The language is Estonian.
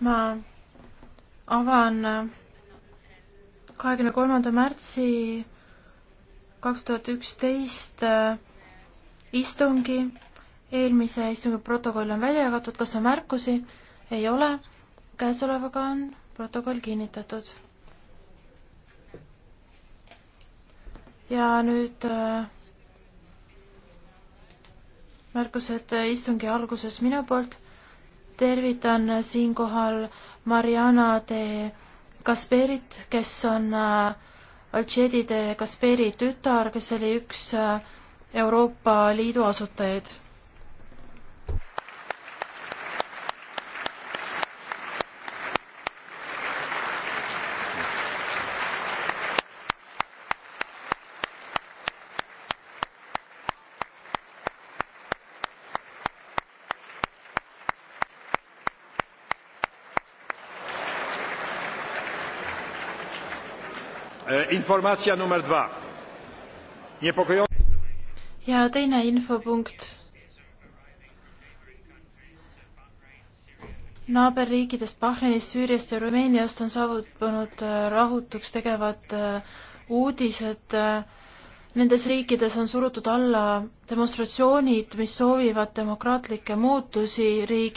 ma avan äh, kahekümne kolmanda märtsi kaks tuhat üksteist äh, istungi. eelmise istungi protokoll on välja jagatud, kas on märkusi? ei ole. käesolevaga on protokoll kinnitatud. ja nüüd äh, märkused istungi alguses minu poolt tervitan siinkohal Mariana de Kasperit, kes on äh, Alcedi de Kasperi tütar, kes oli üks äh, Euroopa Liidu asutajaid E, informacja numer dwa. Niepokojące. ja teine infopunkt. naaberriikidest Bahrainist, Süüriast ja Rumeeniast on saabunud e, rahutuks tegevad e, uudised. Nendes riikides on surutud alla demonstratsioonid, mis soovivad demokraatlikke muutusi riigi